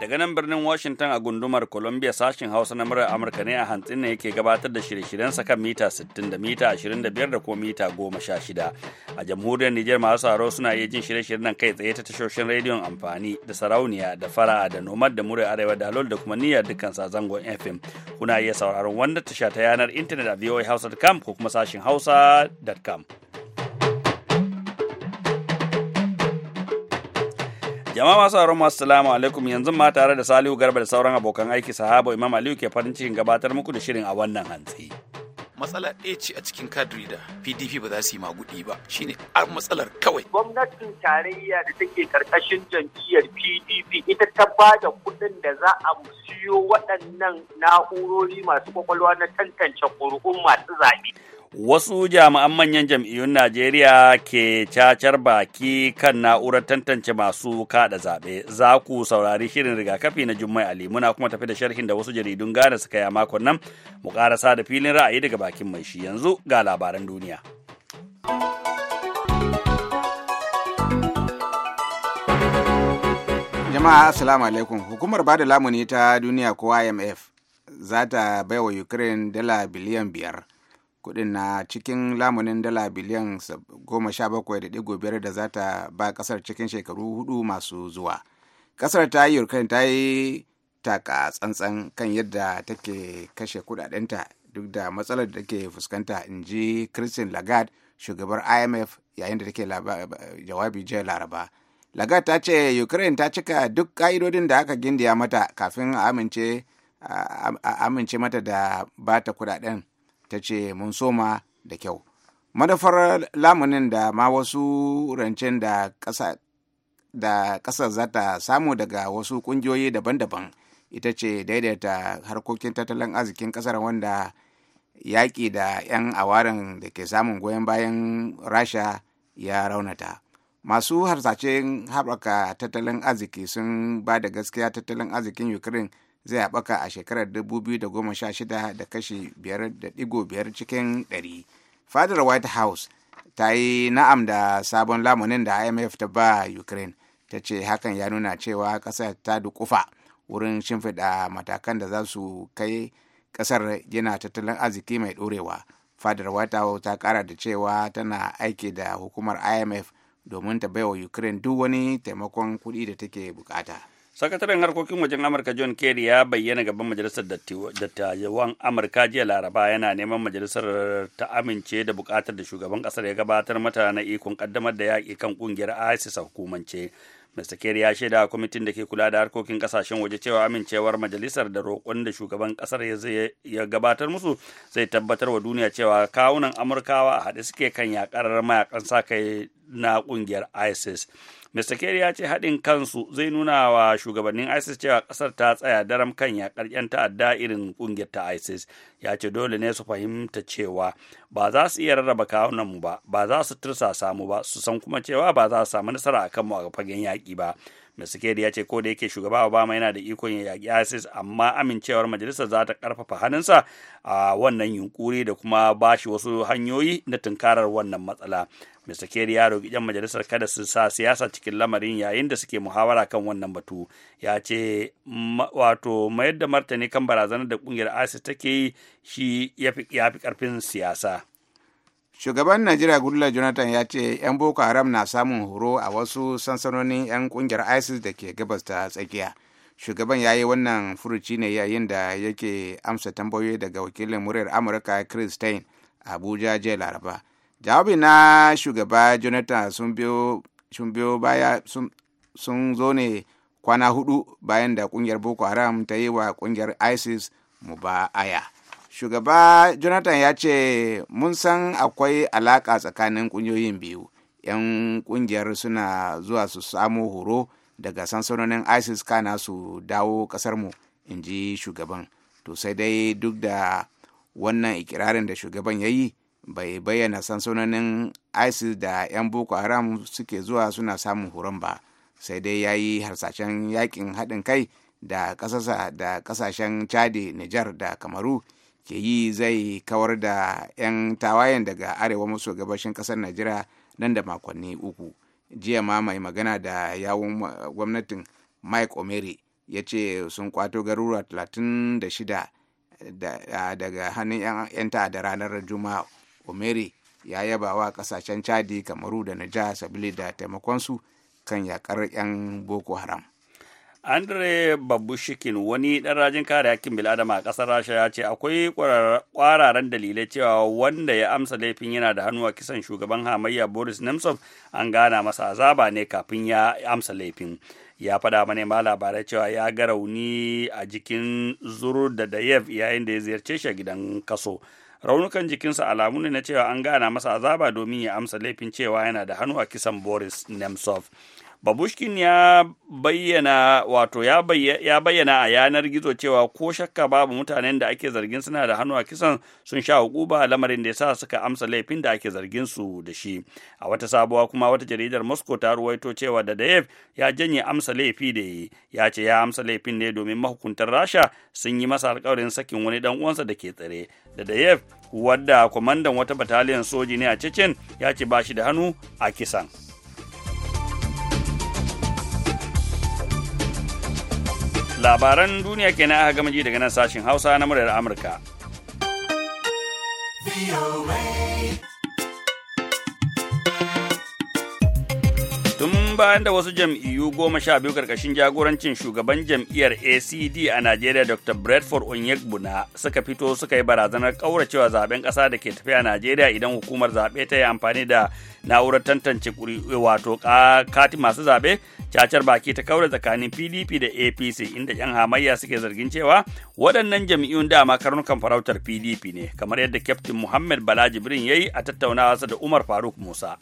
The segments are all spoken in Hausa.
Daga nan birnin Washington a gundumar Columbia sashin Hausa na murar Amurka ne a hantsin ne yake gabatar da shirye-shiryensa kan mita 60 da mita 25 da kuma mita 16. A jamhuriyar Nijar masu saro suna iya jin shirye-shiryen nan kai tsaye ta tashoshin rediyon amfani da sarauniya da fara'a da nomad da murar arewa da lol da kuma niyyar dukkan zangon FM. Kuna iya sauraron wanda tasha ta yanar intanet a voahausa.com ko kuma sashin hausa.com. Jama'a masu sauraron masu salamu alaikum yanzu ma tare da Salihu Garba da sauran abokan aiki sahaba Imam Aliyu ke farin cikin gabatar muku da shirin a wannan hantsi. Matsala ɗaya ce a cikin kadiri da PDP ba za su yi magudi ba shine a matsalar kawai. Gwamnatin tarayya da take karkashin jam'iyyar PDP ita ta ba da kuɗin da za a siyo waɗannan na'urori masu kwakwalwa na tantance ƙuri'un masu zaɓe. wasu jami'an manyan jam'iyyun Najeriya ke cacar baki kan na'urar tantance masu kada zaɓe. Za ku saurari shirin rigakafi na Jummai Ali muna kuma tafi da sharhin da wasu jaridun Ghana suka yi makon nan mu karasa da filin ra'ayi daga bakin mai shi yanzu ga labaran duniya. Jama'a Assalamu alaikum hukumar bada lamuni ta duniya ko IMF za ta baiwa Ukraine dala biliyan biyar. kudin na cikin lamunin dala biliyan 17.5 da za ta ba kasar cikin shekaru hudu masu zuwa kasar ta yi ukraine ta yi taka tsantsan kan yadda take kashe kudadenta duk da matsalar da take fuskanta in ji christine lagarde shugabar imf yayin da take jawabi jiya laraba lagarde ta ce ukraine ta cika duk ka'idodin da aka gindiya mata kafin a amince mata da bata kudaden ta ce mun soma da kyau madafar lamunin da ma wasu rancen da ƙasa ƙasar za ta samu daga wasu ƙungiyoyi daban-daban ita ce daidaita harkokin tattalin arzikin ƙasar wanda yaƙi da 'yan awarin da ke samun goyon bayan rasha ya raunata masu harsashen haɓaka tattalin arziki sun ba da gaskiya tattalin arzikin ukraine zai haɓaka a shekarar 2016 da kashi 5.5 cikin 100 fadar white house ta yi na'am da sabon lamunin da imf ta ba ukraine ta ce hakan ya nuna cewa ƙasa ta dukufa wurin shimfiɗa matakan da za su kai ƙasar yana tattalin arziki mai ɗorewa fadar white house ta ƙara da cewa tana aiki da hukumar imf domin ta baiwa ukraine duk wani taimakon kuɗi da take bukata. sakataren harkokin wajen amurka john kerry ya bayyana gaban majalisar dattawan amurka jiya laraba yana neman majalisar ta amince da bukatar da shugaban kasar ya gabatar mata na ikon kaddamar da yaƙi kan kungiyar isis a hukumance mr kerry ya shaida kwamitin da ke kula da harkokin kasashen waje cewa amincewar majalisar da roƙon da shugaban kasar ya gabatar musu zai tabbatar wa duniya cewa kawunan amurkawa a haɗe suke kan yakar mayakan sa kai na ƙungiyar isis Mr. Kerry ya ce haɗin kansu zai nuna wa shugabannin ISIS cewa ƙasar ta tsaya daram kan yaƙar 'yan ta'adda irin ƙungiyar ta ISIS. Ya ce dole ne su fahimta cewa ba za su iya rarraba kawunanmu ba, ba za su tursasa mu ba, su san kuma cewa ba za su samu nasara a kanmu a fagen yaƙi ba. Mr. ya ce ko da yake shugaba Obama yana da ikon ya yaƙi ISIS amma amincewar majalisar za ta ƙarfafa hannunsa a wannan yunkuri da kuma ba shi wasu hanyoyi na tunkarar wannan matsala. Mr. Kerry ya roƙi ƴan majalisar kada su sa siyasa cikin lamarin yayin da suke muhawara kan wannan batu. Ya ce wato mayar da martani kan barazanar da ƙungiyar ISIS take yi shi ya fi ƙarfin siyasa. shugaban najeriya gudula jonathan ya ce 'yan boko haram na samun horo a wasu sansanonin 'yan kungiyar isis da ke gabas ta tsakiya shugaban ya yi wannan furuci ne yayin da yake amsa tambayoyi daga wakilin muryar amurka a abuja jiya laraba jawabi na shugaba jonathan sun biyo baya sun zo ne kwana hudu bayan da kungiyar boko haram ta yi wa kungiyar isis mu ba aya shugaba jonathan ya ce mun san akwai alaka tsakanin kungiyoyin biyu 'yan kungiyar suna zuwa su samu horo daga sansanonin isis kana su dawo kasarmu in ji shugaban to sai dai duk da wannan ikirarin da shugaban ya yi bai bayyana sansanonin isis da 'yan boko haram suke zuwa suna samun horon ba sai dai ya yi harsashen yakin haɗin kai da ƙasashen chadi nijar da kamaru ke yi zai kawar da 'yan tawayen daga arewa maso gabashin ƙasar najeriya nan da makonni uku jiya ma mai magana da yawun gwamnatin mike omeri ya ce sun kwato garuruwa 36 daga hannun 'yan ta'adda ranar juma'a omeri ya yaba wa kasashen chadi kamaru da naja sabili da taimakonsu kan yakar 'yan boko haram andre babushikin wani ɗan rajin kare hakkin bil'adama a ƙasar rasha ya ce akwai ƙwararren dalilai cewa wanda ya amsa laifin yana da hannu a kisan shugaban hamayya boris nemtsov an gana masa azaba ne kafin ya amsa laifin ya faɗa ma labarai cewa ya ga rauni a jikin zuru da dayev yayin da ya ziyarce shi a gidan kaso raunukan jikinsa alamu ne na cewa an gana masa azaba domin ya amsa laifin cewa yana da hannu a kisan boris nemtsov babushkin ya bayyana wato ya bayyana a yanar gizo cewa ko shakka babu mutanen da ake zargin suna da hannu a kisan sun sha hukuba lamarin da ya sa suka amsa laifin da ake zargin su da shi a wata sabuwa kuma wata jaridar moscow ta ruwaito cewa da dayev ya janye amsa laifi da yi ya ce ya amsa laifin ne domin mahukuntar rasha sun yi masa alkawarin sakin wani dan uwansa da ke tsare da dayev wadda kwamandan wata bataliyan soji ne a chechen ya ce ba shi da hannu a kisan. labaran duniya ke aka gama ji daga nan sashen hausa na muryar amurka bayan da wasu jam'iyyu goma sha biyu karkashin jagorancin shugaban jam'iyyar acd a najeriya dr bradford onyegbuna suka fito suka yi barazanar kauracewa zaben kasa da ke tafiya a najeriya idan hukumar zaɓe ta yi amfani da na'urar tantance wato kati masu zaɓe cacar baki ta kaura tsakanin pdp da apc inda yan hamayya suke zargin cewa waɗannan jam'iyyun dama karnukan farautar pdp ne kamar yadda kyaftin muhammad bala jibrin ya yi a tattaunawarsa da umar faruk musa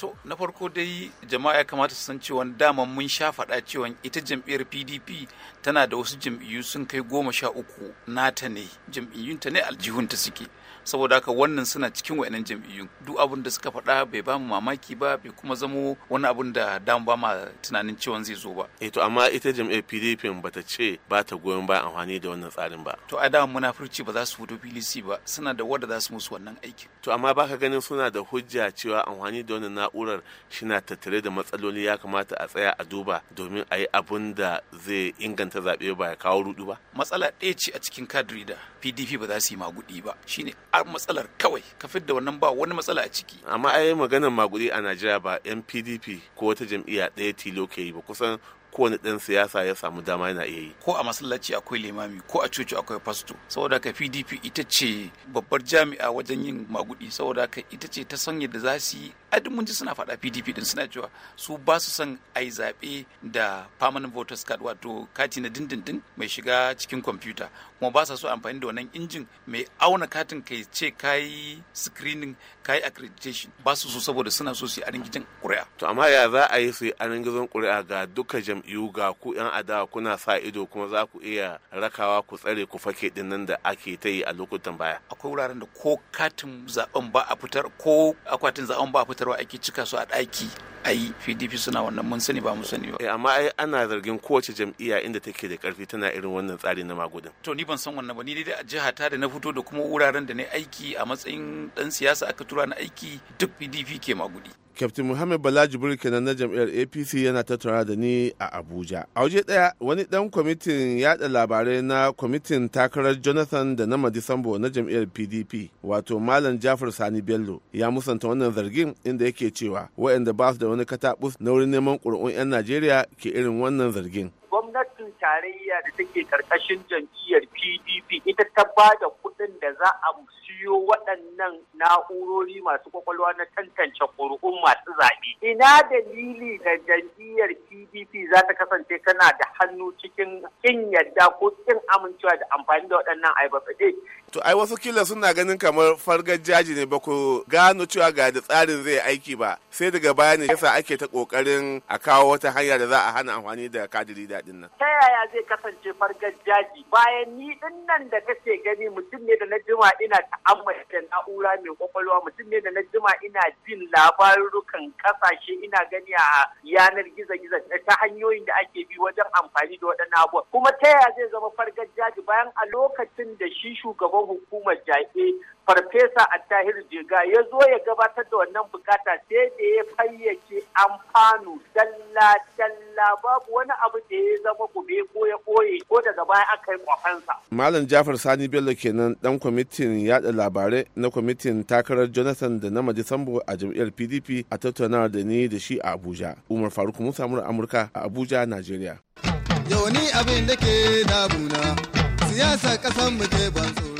to na farko dai jama'a ya kamata su san cewa dama mun sha faɗa cewa ita jam'iyyar pdp tana da wasu jam'iyyu sun kai goma sha uku nata ne jam'iyyunta ne aljihunta suke saboda haka wannan suna cikin wayannan jam'iyyun duk abin da suka faɗa bai bamu mamaki ba bai kuma zamo wani abin da dan ba ma tunanin ciwon zai zo ba eh to amma ita jam'iyyar PDP bata ce ba ta goyon bayan amfani da wannan tsarin ba to a da munafurci ba za su fito PDC ba suna da wadda za su musu wannan aiki. to amma baka ganin suna da hujja cewa amfani da wannan na'urar shina tattare da matsaloli ya kamata a tsaya a duba domin a yi abun da zai inganta zaɓe ba ya kawo rudu ba matsala ɗaya ce a cikin kadri da PDP ba za su yi magudi ba shine a matsalar kawai ka da wannan ba wani matsala a ciki amma yi maganar magudi a najeriya ba yan pdp ko wata jam'iyya ɗaya tilo ke yi ba kusan kowane ɗan siyasa ya samu dama yana iya yi ko a masallaci akwai limami ko a coci akwai fasto saboda ka pdp ita ce babbar jami'a wajen yin magudi saboda ka ita ce ta sanya da za su yi ai duk mun ji suna faɗa PDP din suna cewa su ba su son ai zaɓe da permanent voters card wato kati na dindindin mai shiga cikin kwamfuta kuma ba sa so amfani da wannan injin mai auna katin kai ce kayi screening kayi accreditation ba su so saboda suna so su yi aringijin ƙuri'a. To amma ya za a yi su yi gizon ƙuri'a ga duka jam'iyyu ga ku 'yan adawa kuna sa ido kuma za ku iya rakawa ku tsare ku fake din nan da ake ta yi a lokutan baya. Akwai wuraren da ko katin zaben ba a fitar ko akwatin zaben ba a fitar gabatarwa ake cika su a ɗaki a yi pdp suna wannan mun sani ba mu sani ba eh, amma ai ana zargin kowace jam'iyya inda take da karfi tana irin wannan tsari na magudin to ni ban san wannan ba ni dai a jiha ta da na fito da kuma wuraren da na aiki a matsayin dan siyasa aka tura na aiki duk pdp ke magudi Kyaftin Muhammad Bala Jibril kenan na jam'iyyar APC yana tattauna da ni a Abuja. A waje ɗaya wani ɗan kwamitin yaɗa labarai na kwamitin takarar Jonathan da na Madisambo na jam'iyyar PDP wato Malam Jafar Sani Bello ya musanta wannan zargin inda yake cewa wa'anda ba su da wani katabus na wurin neman ƙuri'un 'yan Najeriya ke irin wannan zargin. gwamnatin tarayya da take karkashin jam'iyyar pdp ita ta ba da kuɗin da za a siyo waɗannan na'urori masu kwakwalwa na tantance ƙuri'un masu zaɓe. Ina dalili da jam'iyyar PDP za ta kasance tana da hannu cikin kin yadda ko kin amincewa da amfani da waɗannan aibatsade. To ai wasu kila suna ganin kamar fargar jaji ne ba ku gano cewa ga da tsarin zai aiki ba sai daga baya ne yasa ake ta kokarin a kawo wata hanya da za a hana amfani da kadiri daɗin nan. Ta yaya zai kasance fargar jaji bayan ni ɗin nan da kake gani mutum ne da na jima ina ta an mace na'ura mai kwakwalwa mutum ne da na jima ina jin labarukan kasashe ina gani a yanar gizo-gizo ta hanyoyin da ake bi wajen amfani da waɗannan abubuwa kuma ta yaya zai zama fargar jaji bayan a lokacin da shi shugaban hukumar jaɓe farfesa attahir jega ya zo ya gabatar da wannan bukata sai da ya fayyace amfanu dalla dalla babu wani abu da ya zama gube ko ya koye ko daga baya aka yi kwafansa. malam jafar sani bello kenan dan kwamitin yada labarai na kwamitin takarar jonathan da na majisambo a jam'iyyar pdp a tattaunawar da ni da shi a abuja umar faruk musa mura amurka a abuja najeriya yau ni abin da ke damuna siyasa kasan mu ke ban tsoro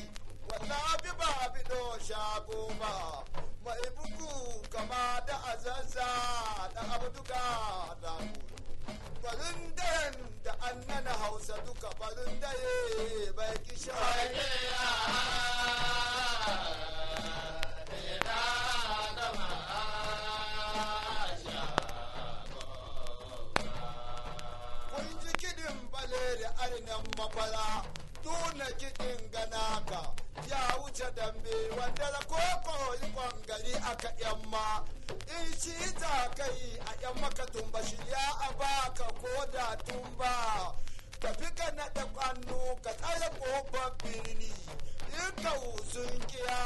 wata ba bido shago ba mai bugu kama da azaza da abduga da barin dayan da annan hausa duka barin daye bai kisha Kun ji kiɗin bale da mafara, tuna kiɗin ganaka. ya wuce dambe wanda da koko ikon gari aka yamma in shi ta kai a yan maka tumba shi ya a baka ko da tumba tafi ka naɗa kwanu ka tsaye kofar birni in ka wuzun kiya.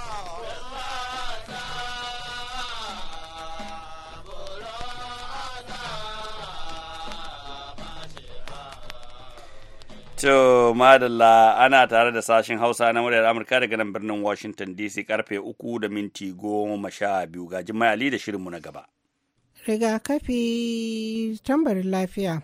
To madalla ana tare da sashen Hausa na muryar Amurka daga nan birnin Washington DC karfe uku da minti goma sha biyu ga Ali da shirinmu na gaba. Rigakafi tambarin lafiya.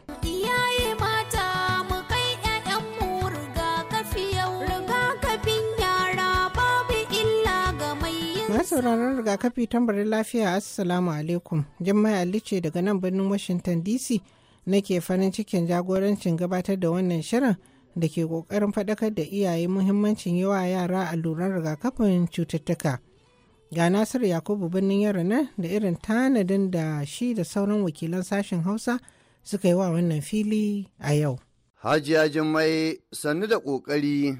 sauraron rigakafi tambarin lafiya assalamu alaikum jimma'i ce daga nan birnin washington dc nake farin cikin jagorancin gabatar da wannan shirin da ke kokarin faɗakar da iyaye muhimmancin yawa yara alluran rigakafin cututtuka. Ga Nasiru Yakubu birnin yara nan da irin tanadin da shi da sauran wakilan sashen Hausa suka yi wa wannan fili a yau. Hajiya jimai sannu da ƙoƙari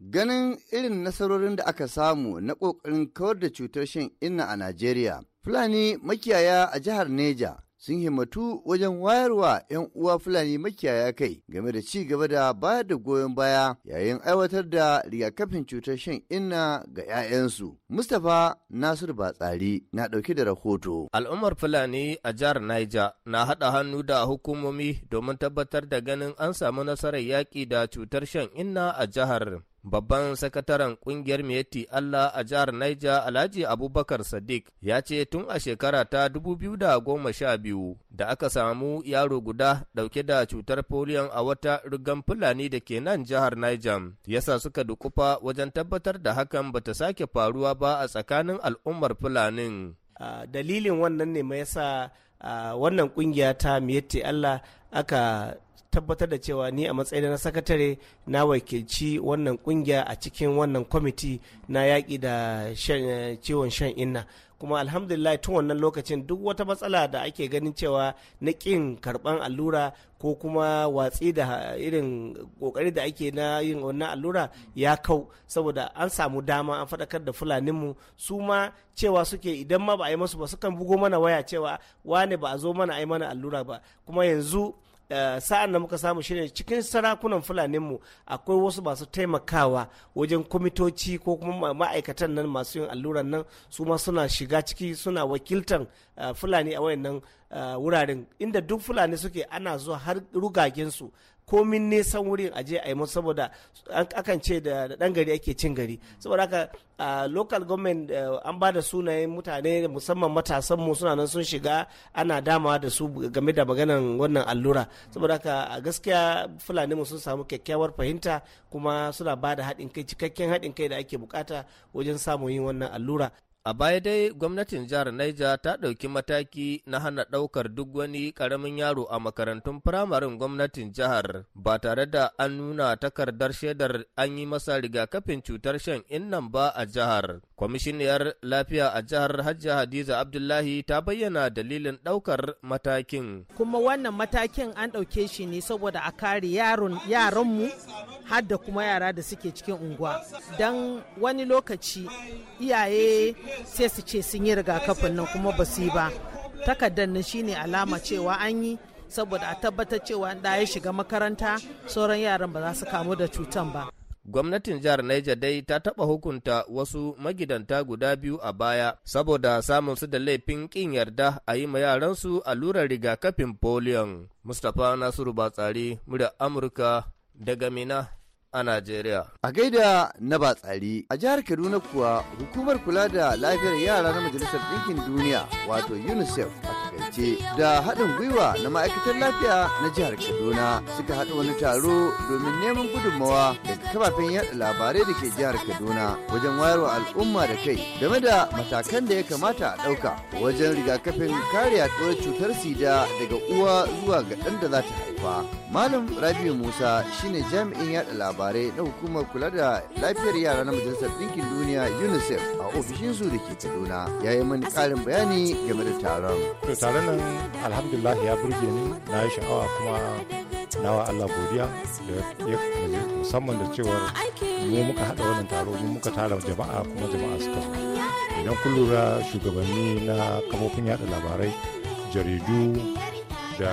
ganin irin nasarorin da aka samu na ƙoƙarin kawar da cutar shan inna a Najeriya. Fulani makiyaya a jihar Neja sun himmatu wajen wayarwa 'yan uwa Fulani makiyaya kai game da ci gaba da bayar da goyon baya yayin aiwatar da rigakafin cutar shan inna ga 'ya'yansu. Mustapha Nasir Batsari na ɗauke da rahoto. Al'ummar Fulani a jihar Niger na haɗa hannu da hukumomi domin tabbatar da ganin an samu nasarar yaƙi da cutar shan inna a jihar. Babban sakataren kungiyar Miyetti Allah a jihar Niger Alhaji Abubakar Sadiq ya ce tun a shekara ta 2012 da aka samu yaro guda dauke da cutar foliyon a wata rigan Fulani da ke nan jihar Niger yasa suka dukufa wajen tabbatar da hakan bata sake faruwa ba a tsakanin al'ummar Fulanin. dalilin wannan ne mai yasa wannan kungiya ta Miyetti Allah aka tabbatar da cewa ni a matsayin na sakatare na wakilci wannan kungiya a cikin wannan kwamiti na yaƙi da eh, ciwon shan inna kuma alhamdulillah tun wannan lokacin duk wata matsala da ake ganin cewa na ƙin karɓan allura ko kuma watsi da eh, irin ƙoƙari da ake na yin wannan allura ya kau saboda an samu dama an faɗakar da fulaninmu su ma cewa suke idan ma ba a yi masu ba sukan bugo mana waya cewa wane ba a zo mana a yi mana allura ba kuma yanzu Eh, sa'an da muka samu shine cikin sarakunan fulanin mu akwai wasu masu taimakawa wajen kwamitoci ko kuma ma'aikatan nan masu yin alluran nan su ma suna shiga ciki suna wakiltan eh, fulani a wayannan eh, wuraren inda duk fulani suke ana zuwa har rugagensu komin nesan wurin aje a yi musu saboda akan ce da dan gari ake cin gari saboda haka a local government eh, an ba da sunayen mutane musamman matasan mu suna nan sun shiga ana dama da su game da maganan wannan allura saboda haka a gaskiya fulani mu sun samu kyakkyawar fahimta kuma suna ba da haɗin kai cikakken haɗin kai da ake bukata wajen samun yin wannan allura A baya dai gwamnatin jihar Niger ta ɗauki mataki na hana ɗaukar duk wani ƙaramin yaro a makarantun firamarin gwamnatin jihar ba tare da an nuna takardar shaidar an yi masa rigakafin cutar shan innan ba a jihar. Kwamishiniyar lafiya a jihar Hajji Hadiza Abdullahi ta bayyana dalilin ɗaukar matakin. Kuma wannan matakin an ɗauke shi ne saboda a kare yaranmu har da kuma yara da suke cikin unguwa. Don wani lokaci iyaye sai su ce sun yi rigakafin nan kuma ba su yi ba. Takardar nan shine alama cewa an yi saboda a tabbatar cewa ɗaya shiga makaranta sauran yaran ba za su kamu da cutan ba. Gwamnatin jihar Niger dai ta taɓa hukunta wasu magidanta guda biyu a baya saboda samun su da laifin kin yarda a yi ma yaransu allurar rigakafin polion. Mustapha Nasiru Batsari, murya Amurka daga Mina a Najeriya. A gaida na batsari a jihar Kaduna kuwa hukumar kula da lafiyar yara na Majalisar Ɗinkin Duniya wato UNICEF da haɗin gwiwa na ma'aikatar lafiya na jihar Kaduna suka haɗa wani taro domin neman gudunmawa da kafafen yaɗa labarai da ke jihar Kaduna wajen wayarwa al'umma da kai game da matakan da ya kamata a ɗauka wajen rigakafin kare yaduwar cutar sida daga uwa zuwa ga ɗan da za ta haifa. Malam Rabiu Musa shine jami'in yaɗa labarai na hukumar kula da lafiyar yara na Majalisar Ɗinkin Duniya UNICEF a ofishinsu da ke Kaduna ya yi mani ƙarin bayani game da taron. To taron nan alhamdulillah ya burge ni na yi sha'awa kuma na wa Allah godiya da ya musamman da cewar mu muka haɗa wannan taro mu muka tara jama'a kuma jama'a suka zo idan kun lura shugabanni na kamofin yada labarai jaridu da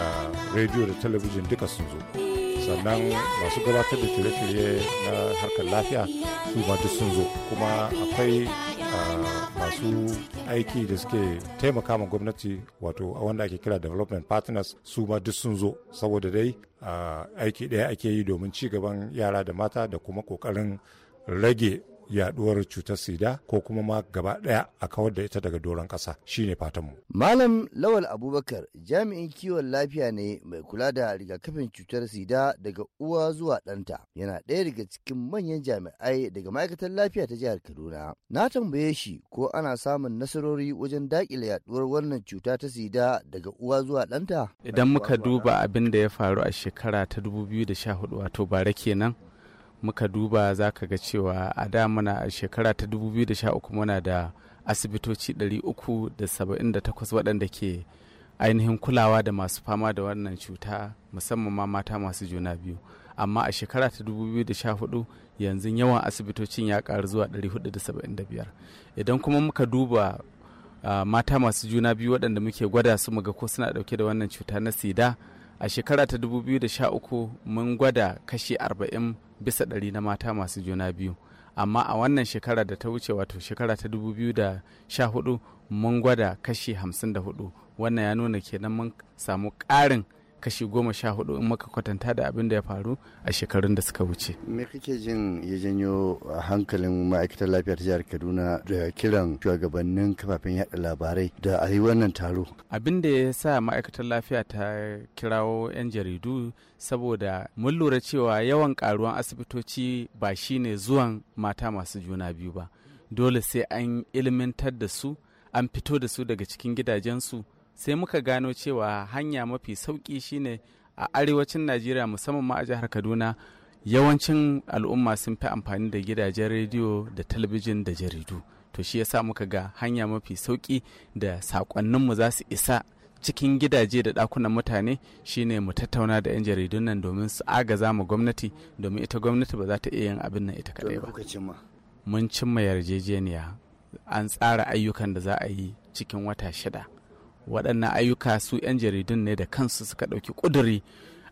rediyo da talabijin duka sun zo sannan masu gabatar da shirye-shirye na harkar lafiya su ma duk sun zo kuma akwai masu aiki da suke taimaka ma gwamnati wato wanda ake kira development partners su ma duk sun zo saboda dai aiki ɗaya ake yi domin ci gaban yara da mata da kuma ƙoƙarin rage yaduwar cutar sida ko kuma ma gaba daya a kawar da ita daga doron kasa shine fatanmu. Malam Lawal Abubakar jami'in kiwon lafiya ne mai kula da rigakafin cutar sida daga uwa zuwa ɗanta yana ɗaya daga cikin manyan jami'ai daga ma'aikatar lafiya ta jihar Kaduna. Na tambaye shi ko ana samun nasarori wajen daƙile yaduwar wannan cuta ta sida daga uwa zuwa ɗanta. Idan muka duba abin da ya faru a shekara ta 2014 wato bara kenan muka duba za ka ga cewa a da muna a shekara ta 2013 muna da asibitoci 378 waɗanda ke ainihin kulawa da masu fama da wannan cuta musamman ma mata masu juna biyu amma a shekara ta 2014 yanzu yawan asibitocin ya ƙaru zuwa 475 idan kuma muka duba ah, mata masu juna biyu waɗanda muke gwada su muga ko suna ɗauke da wannan cuta na sida a shekara ta 2013 mun gwada kashi 40 bisa ɗari na mata masu juna biyu amma a wannan shekara da ta wuce wato shekara ta 2014 mun gwada kashi 54 wannan ya nuna kenan mun samu ƙarin kashi goma sha hudu in maka kwatanta da abin da ya faru a shekarun da suka wuce. Me kake jin ya janyo hankalin ma'aikatar lafiyar jihar Kaduna da kiran shugabannin kafafen yaɗa labarai da a yi wannan taro? Abin da ya sa ma'aikatar lafiya ta kirawo 'yan jaridu saboda mun lura cewa yawan karuwan asibitoci ba shine zuwan mata masu juna biyu ba. Dole sai an ilmantar da su, an fito da su daga cikin gidajensu. sai muka gano cewa hanya mafi sauki shine a arewacin najeriya musamman ma a jihar kaduna yawancin al'umma sun fi amfani da gidajen rediyo da talabijin da jaridu to shi yasa muka ga hanya mafi sauki da saƙonninmu za su isa cikin gidaje da ɗakunan mutane shine mu tattauna da 'yan jaridun nan domin su agaza mu gwamnati domin ita gwamnati ba za ta iya yin abin nan ita kaɗai ba mun cimma yarjejeniya an tsara ayyukan da za a yi cikin wata shida waɗannan ayyuka su 'yan jaridun ne da kansu suka ɗauki ƙuduri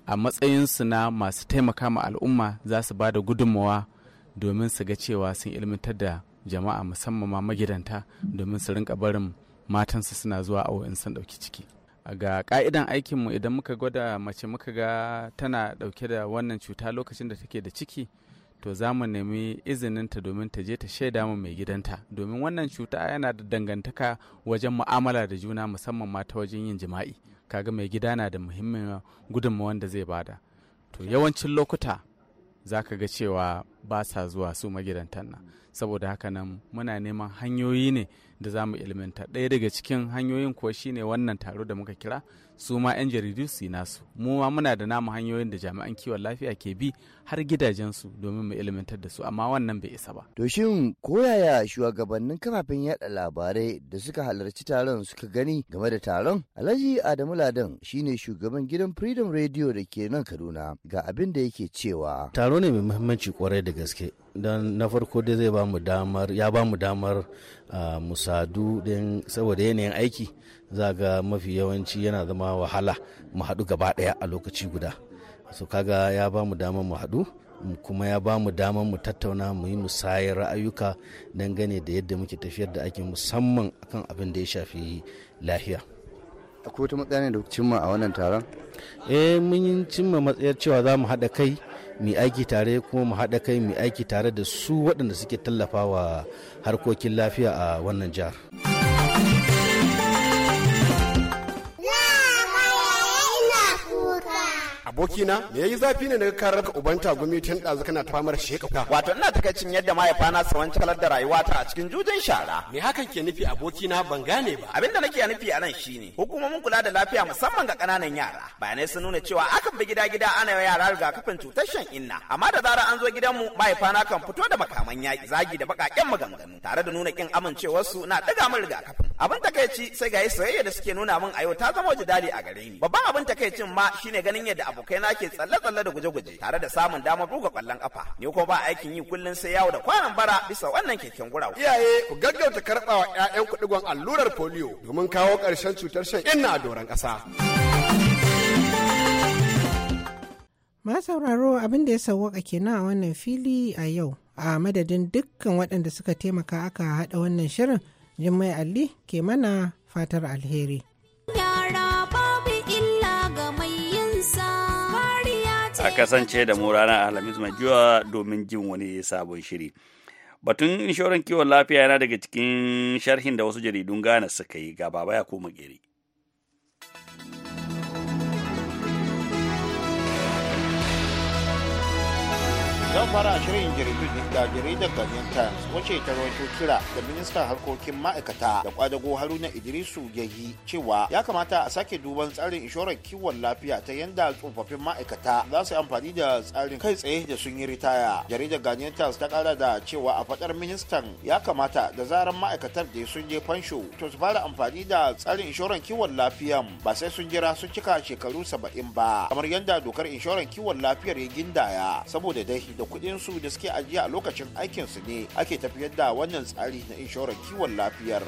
a matsayinsu na masu taimaka ma al'umma za su ba da gudunmawa domin su ga cewa sun ilmantar da jama'a musamman ma magidanta domin su rinka barin matansu suna zuwa awo in san ɗauki ciki ga ka'idan aikinmu idan muka gwada mace muka ga tana ɗauke da wannan cuta lokacin da take da ciki to za mu nemi izininta domin ta je ta shaida mu mai gidanta domin wannan cuta yana da dangantaka wajen mu'amala da juna musamman ma ta wajen yin jima'i kaga mai gida na da muhimmin gudunmawar wanda zai bada to yawancin lokuta za ka ga cewa ba sa zuwa su magidantan nan saboda haka nan muna neman hanyoyi ne da za mu ilminta ɗaya daga cikin hanyoyin kuwa shine wannan taro da muka kira su ma 'yan jaridu su nasu mu ma muna da namu hanyoyin da jami'an kiwon lafiya ke bi har gidajen su domin mu ilmantar da su amma wannan bai isa ba to shin koyaya shugabannin kafafen yaɗa labarai da suka halarci taron suka gani game da taron alhaji adamu ladan shine shugaban gidan freedom radio da ke nan kaduna ga abin da yake cewa taro ne mai muhimmanci kwarai da gaske don na farko dai zai bamu damar ya bamu damar musadu sadu don saboda yanayin aiki za ga mafi yawanci yana zama wahala mu haɗu gaba ɗaya a lokaci guda su kaga ya bamu damar mu haɗu kuma ya ba mu damar mu tattauna mu yi musayar ra'ayuka dangane da yadda muke tafiyar da ake musamman akan abin da ya shafi lahiya. akwai wata matsaya ne da cimma a wannan taron? eh mun yi cimma matsayar cewa za mu haɗa kai mu aiki tare kuma mu haɗa kai mu aiki tare da su waɗanda suke tallafawa harkokin lafiya a wannan jihar. abokina me yayi zafi ne daga karar ka uban tagumi tun ɗazu kana ta famar sheka wato ina takaicin yadda mahaifa na sawan kalar da rayuwata a cikin jujin shara me hakan ke nufi abokina ban gane ba abinda nake nufi a nan shine hukumomin kula da lafiya musamman ga ƙananan yara bayanai sun nuna cewa akan bi gida gida ana yawa yara rigakafin cutar shan inna amma da zarar an zo gidanmu mahaifa na kan fito da makaman yaƙi zagi da baƙaƙen maganganu tare da nuna ƙin amincewarsu na ɗaga min rigakafin abin takaici sai ga soyayya da suke nuna min a yau ta zama jidali a gare ni babban abin takaicin ma shine ganin yadda abokan kai na ke tsalle-tsalle da guje-guje tare da samun damar buga kwallon ƙafa ni ko ba aikin yi kullum sai yawo da kwanan bara bisa wannan keken gurawa iyaye ku gaggauta karbawa ƴaƴan kuɗigon allurar polio domin kawo ƙarshen cutar shan inna a doron ƙasa ma sauraro abin da ya sauwaka kenan a wannan fili a yau a madadin dukkan waɗanda suka taimaka aka haɗa wannan shirin jimmai ali ke mana fatar alheri a kasance da mu ranar alhamis mai juwa domin jin wani sabon shiri batun inshoran kiwon lafiya yana daga cikin sharhin da wasu jaridun ghana suka yi ga baba ya koma gere zan fara shirin jaridu da jaridar guardian times wacce ta rawaito kira da ministan harkokin ma'aikata da kwadago haruna idrisu ya cewa ya kamata a sake duban tsarin inshorar kiwon lafiya ta yanda tsofaffin ma'aikata za su amfani da tsarin kai tsaye da sun yi ritaya jaridar guardian times ta kara da cewa a fadar ministan ya kamata da zaran ma'aikatar da sun je fansho to su fara amfani da tsarin inshorar kiwon lafiya ba sai sun jira sun cika shekaru saba'in ba kamar yanda dokar inshorar kiwon lafiyar ya gindaya saboda dai da kuɗin su da suke ajiya a lokacin aikin su ne ake tafiyar da wannan tsari na inshorar kiwon lafiyar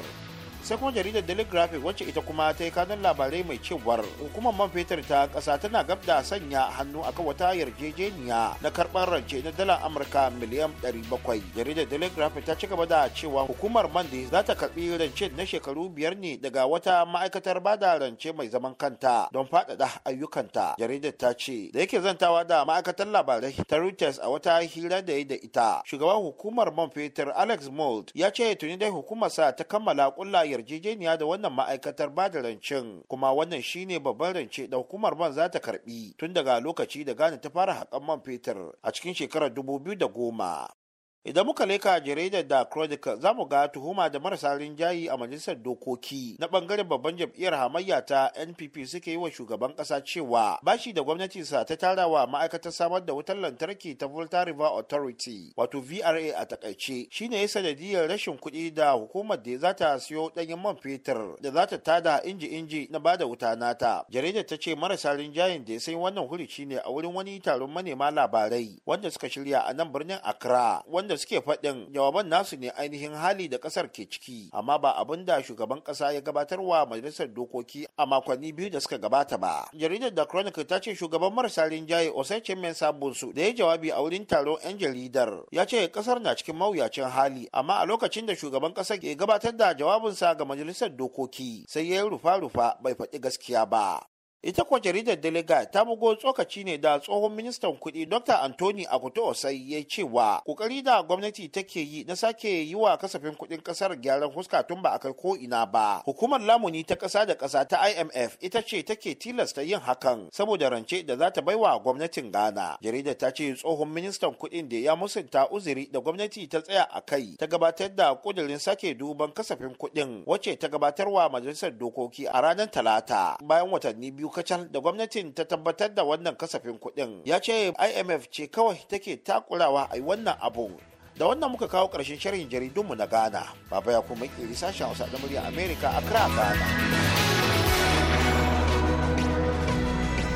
sai kuma jaridar daily graphic wacce ita kuma ta yi kanun labarai mai cewar hukumar man fetur ta kasa tana gab da sanya hannu akan wata yarjejeniya na karɓar rance na Dala amurka miliyan 700 jaridar daily graphic ta ci gaba da cewa hukumar man da za ta karɓi rance na shekaru biyar ne daga wata ma'aikatar bada rance mai zaman kanta don faɗaɗa ayyukanta jaridar ta ce da yake zantawa da ma'aikatar labarai ta reuters a wata hira da ya da ita shugaban hukumar man fetur alex mold ya ce tuni dai hukumarsa ta kammala kulla yarjejeniya da wannan ma'aikatar ba da rancen kuma wannan shine babban rance da hukumar man za ta karbi tun daga lokaci da Ghana ta fara haƙan man fetur a cikin shekarar 2010. Idan muka leka jaridar da Chronicle za mu ga tuhuma da marasa rinjayi a majalisar dokoki na bangaren babban jam'iyyar hamayya ta NPP suka yi wa shugaban kasa cewa bashi da gwamnatinsa ta tara wa ma'aikatar samar da wutar lantarki ta Volta River Authority wato VRA a takaice shine ya sanadiyar rashin kuɗi da hukumar da za ta siyo ɗanyen man fetur da za ta tada inji-inji na bada wuta nata. Jaridar ta ce marasa rinjayin da ya sai wannan hulici ne a wurin wani taron manema labarai wanda suka shirya a nan birnin Accra wanda da suke faɗin jawaban nasu ne ainihin hali da kasar ke ciki amma ba abin da shugaban ƙasa ya gabatarwa majalisar dokoki a makonni biyu da suka gabata ba jaridar da chronicle ta ce shugaban marasa rinjaye osai mai sabon su da ya jawabi a wurin taron 'yan jaridar ya ce ƙasar na cikin mawuyacin hali amma a lokacin da shugaban ƙasar ke gabatar da jawabinsa ga majalisar dokoki sai ya yi rufa-rufa bai faɗi gaskiya ba ita kuwa jaridar delega ta bugo tsokaci ne da tsohon ministan kuɗi dr anthony akuto osai ya cewa kokari da gwamnati take yi na sake yi wa kasafin kuɗin ƙasar gyaran huska tun ba a kai ko ina ba hukumar lamuni ta ƙasa da ƙasa ta imf ita ce take tilasta yin hakan saboda rance da za ta baiwa gwamnatin ghana jaridar ta ce tsohon ministan kuɗin da ya musunta uzuri da gwamnati ta tsaya a kai ta gabatar da ƙudurin sake duban kasafin kuɗin wacce ta gabatarwa majalisar dokoki a ranar talata bayan watanni biyu kacal da gwamnatin ta tabbatar da wannan kasafin kuɗin ya ce imf ce kawai take takurawa a yi wannan abu da wannan muka kawo ƙarshen shirin jaridunmu na ghana baba ya kuma ƙiri sashen hausa da murya a kira ghana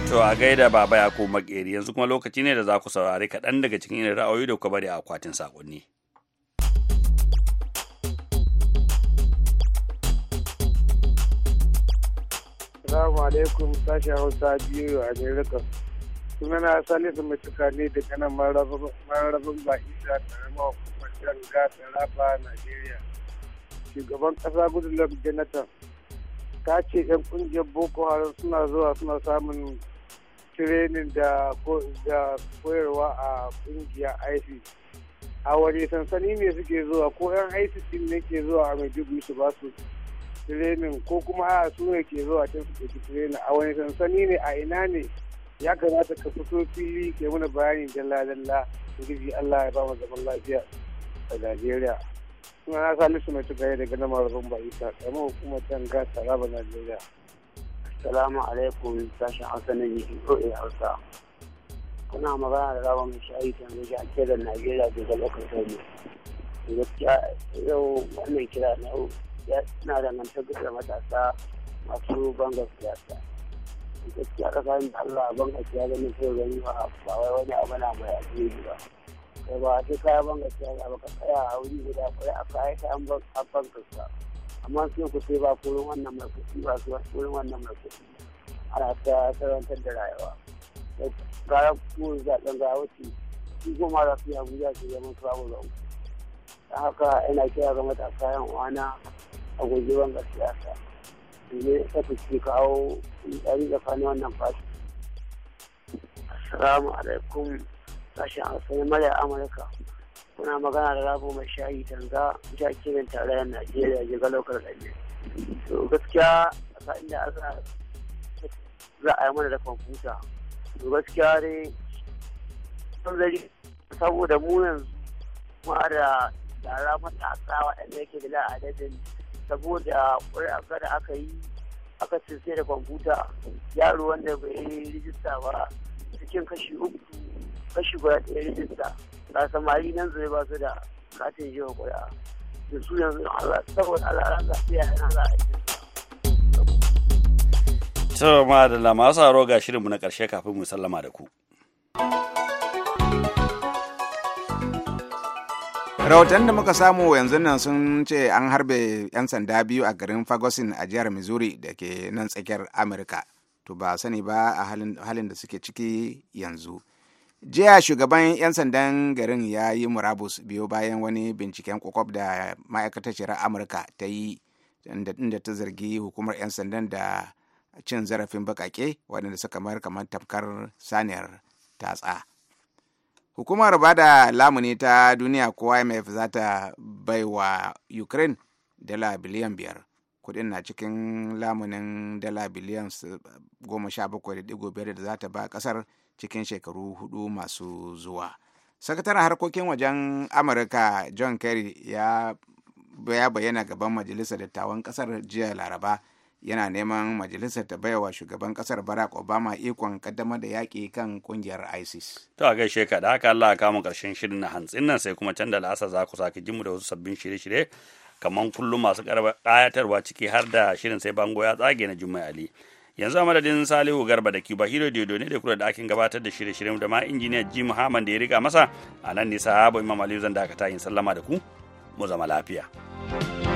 To a gaida baba ya kuma makeri yanzu kuma lokaci ne da za ku saurari kaɗan daga cikin ra'ayoyi da kuka bari a akwatin saƙonni. alaikum sashen hausa biyu a america suna na salisu mai suka ne daga nan mararrabin ba isa tarama gasa rafa nigeria shugaban kasa goodluck jonathan ta ce yan kungiyar boko haram suna zuwa suna samun tirenin da koyarwa a kungiyar isis a wani sansani ne suke zuwa ko yan isis ne ke zuwa a dubu su ba su tirenin ko kuma a su ne ke zuwa can su ɗauki tirenin a wani sansani ne a ina ne ya kamata ka fito fili ke mana bayanin dalla-dalla ubangiji Allah ya ba zaman lafiya a Najeriya. Suna na sami su mai tukare daga na mararun rumba isa kamar hukumar tara ba Najeriya. Assalamu alaikum sashen yi ko a Hausa. Kuna magana da rawa mai shayi ta mai a kera Najeriya daga lokacin ne. Gaskiya yau wannan kira na suna dangantakar da matasa masu bangar siyasa gaskiya ka yin da Allah gaskiya siyasa ne sai gani ba ba wai wani abu na mai ajiyar ba kai ba sai kaya ban siyasa ba ka tsaya a wuri guda kai a kaya ta an ban sa amma sai ku sai ba kurin wannan mai kuɗi ba su kurin wannan mai kuɗi ana ta tarantar da rayuwa gara ku zaɓen ga wuce su goma za su yi abuja su zama su babu zau haka ina kira ga matasa yan uwana a goge wanga siyasa ne saka ke kawo da tsakanin wannan fati assalamu alaikum sashen asali mara amurka kuna magana da rabu mai shayi tanga ja kirin tarayyar najeriya je ga lokar ɗanye to gaskiya a da aka za a yi mana da kwamfuta to gaskiya dai sun saboda mu yanzu ma da yara matasa waɗanda yake da la'adadin saboda ƙuri'a da aka yi aka sai da kwamfuta yaro wanda bai yi rijista ba cikin kashi uku kashi guda ɗaya rijista ba samari nan zai ba su da katin jiwa ƙuri'a da su yanzu saboda al'adar lafiya yana za a yi Sama da lamasa sauro ga shirinmu na ƙarshe kafin mu sallama da ku. rahoton da muka samu yanzu nan sun ce an harbe 'yan sanda biyu a garin ferguson a jihar missouri da ke nan tsakiyar amurka to ba sani ba a halin da suke ciki yanzu jiya shugaban 'yan sandan garin ya yi murabus biyo bayan wani binciken kwakwab da ma'aikatar shari'ar amurka ta yi inda ta zargi hukumar 'yan sandan da cin zarafin bakake waɗanda suka mayar kamar tafkar saniyar tatsa hukumar ba da lamuni ta duniya ko imf za ta bai wa ukraine dala biliyan biyar kudin na cikin lamunin dala biliyan goma sha bakwai da digo biyar da za ta ba kasar cikin shekaru hudu masu zuwa sakataren harkokin wajen amurka john kerry ya bayyana gaban majalisar dattawan kasar jiya laraba yana neman majalisar ta baiwa shugaban kasar barack obama ikon kaddamar da yaƙi kan kungiyar isis to a gaishe ka da haka allah kama karshen shirin na hantsin nan sai kuma can da la'asa za ku sake jimu da wasu sabbin shirye-shirye kamar kullum masu ƙayatarwa ciki har da shirin sai bango ya tsage na jummai ali yanzu a madadin salihu garba da cuba hiro dedo ne da kula da akin gabatar da shirye-shiryen da ma injiniya jim muhammad da ya riga masa a nan nisa abu imam aliyu zan dakata yin sallama da ku mu zama lafiya. thank you